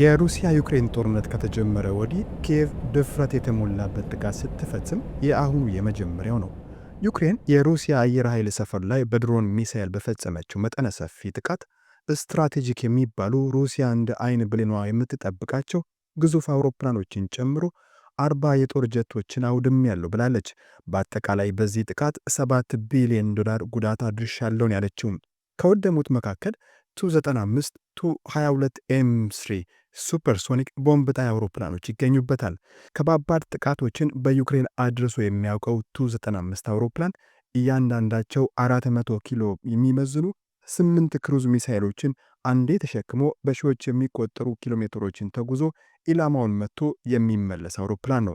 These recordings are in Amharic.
የሩሲያ ዩክሬን ጦርነት ከተጀመረ ወዲህ ኪየቭ ድፍረት የተሞላበት ጥቃት ስትፈጽም የአሁኑ የመጀመሪያው ነው። ዩክሬን የሩሲያ አየር ኃይል ሰፈር ላይ በድሮን ሚሳይል በፈጸመችው መጠነ ሰፊ ጥቃት ስትራቴጂክ የሚባሉ ሩሲያ እንደ አይን ብሌኗ የምትጠብቃቸው ግዙፍ አውሮፕላኖችን ጨምሮ አርባ የጦር ጀቶችን አውድሜያለሁ ብላለች። በአጠቃላይ በዚህ ጥቃት ሰባት ቢሊዮን ዶላር ጉዳት አድርሻለሁ ያለችውም ከወደሙት መካከል ቱ 95 ቱ 22 ኤም3 ሱፐርሶኒክ ቦምብ ጣይ አውሮፕላኖች ይገኙበታል። ከባባድ ጥቃቶችን በዩክሬን አድርሶ የሚያውቀው ቱ-95 አውሮፕላን እያንዳንዳቸው 400 ኪሎ የሚመዝኑ ስምንት ክሩዝ ሚሳይሎችን አንዴ ተሸክሞ በሺዎች የሚቆጠሩ ኪሎሜትሮችን ተጉዞ ኢላማውን መጥቶ የሚመለስ አውሮፕላን ነው።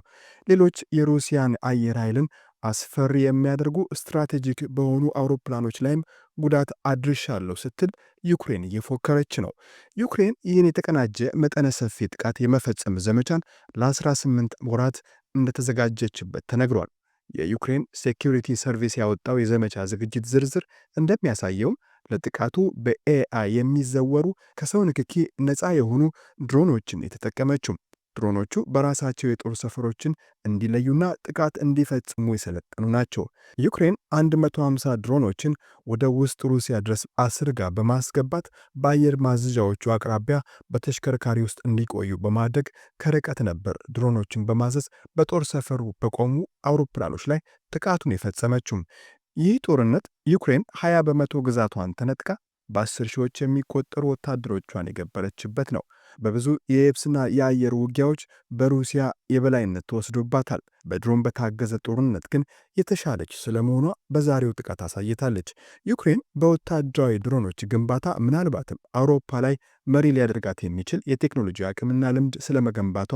ሌሎች የሩሲያን አየር ኃይልን አስፈሪ የሚያደርጉ ስትራቴጂክ በሆኑ አውሮፕላኖች ላይም ጉዳት አድርሻለሁ ስትል ዩክሬን እየፎከረች ነው። ዩክሬን ይህን የተቀናጀ መጠነ ሰፊ ጥቃት የመፈጸም ዘመቻን ለ18 ወራት እንደተዘጋጀችበት ተነግሯል። የዩክሬን ሴኪሪቲ ሰርቪስ ያወጣው የዘመቻ ዝግጅት ዝርዝር እንደሚያሳየውም ለጥቃቱ በኤአይ የሚዘወሩ ከሰው ንክኪ ነፃ የሆኑ ድሮኖችን የተጠቀመችው ድሮኖቹ በራሳቸው የጦር ሰፈሮችን እንዲለዩና ጥቃት እንዲፈጽሙ የሰለጠኑ ናቸው። ዩክሬን 150 ድሮኖችን ወደ ውስጥ ሩሲያ ድረስ አስርጋ በማስገባት በአየር ማዘዣዎቹ አቅራቢያ በተሽከርካሪ ውስጥ እንዲቆዩ በማድረግ ከርቀት ነበር ድሮኖችን በማዘዝ በጦር ሰፈሩ በቆሙ አውሮፕላኖች ላይ ጥቃቱን የፈጸመችው። ይህ ጦርነት ዩክሬን 20 በመቶ ግዛቷን ተነጥቃ በአስር ሺዎች የሚቆጠሩ ወታደሮቿን የገበረችበት ነው። በብዙ የየብስና የአየር ውጊያዎች በሩሲያ የበላይነት ተወስዶባታል። በድሮን በታገዘ ጦርነት ግን የተሻለች ስለመሆኗ በዛሬው ጥቃት አሳይታለች። ዩክሬን በወታደራዊ ድሮኖች ግንባታ ምናልባትም አውሮፓ ላይ መሪ ሊያደርጋት የሚችል የቴክኖሎጂ አቅምና ልምድ ስለመገንባቷ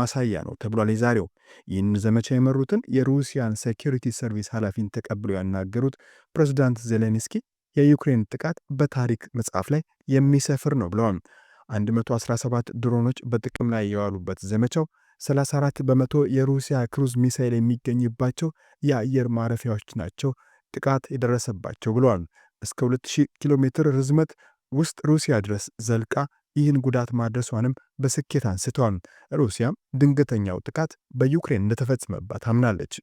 ማሳያ ነው ተብሏል። የዛሬው ይህን ዘመቻ የመሩትን የሩሲያን ሴኪሪቲ ሰርቪስ ኃላፊን ተቀብሎ ያናገሩት ፕሬዚዳንት ዜሌንስኪ የዩክሬን ጥቃት በታሪክ መጽሐፍ ላይ የሚሰፍር ነው ብለዋል። 117 ድሮኖች በጥቅም ላይ የዋሉበት ዘመቻው 34 በመቶ የሩሲያ ክሩዝ ሚሳይል የሚገኝባቸው የአየር ማረፊያዎች ናቸው ጥቃት የደረሰባቸው ብለዋል። እስከ 200 ኪሎ ሜትር ርዝመት ውስጥ ሩሲያ ድረስ ዘልቃ ይህን ጉዳት ማድረሷንም በስኬት አንስተዋል። ሩሲያም ድንገተኛው ጥቃት በዩክሬን እንደተፈጸመባት አምናለች።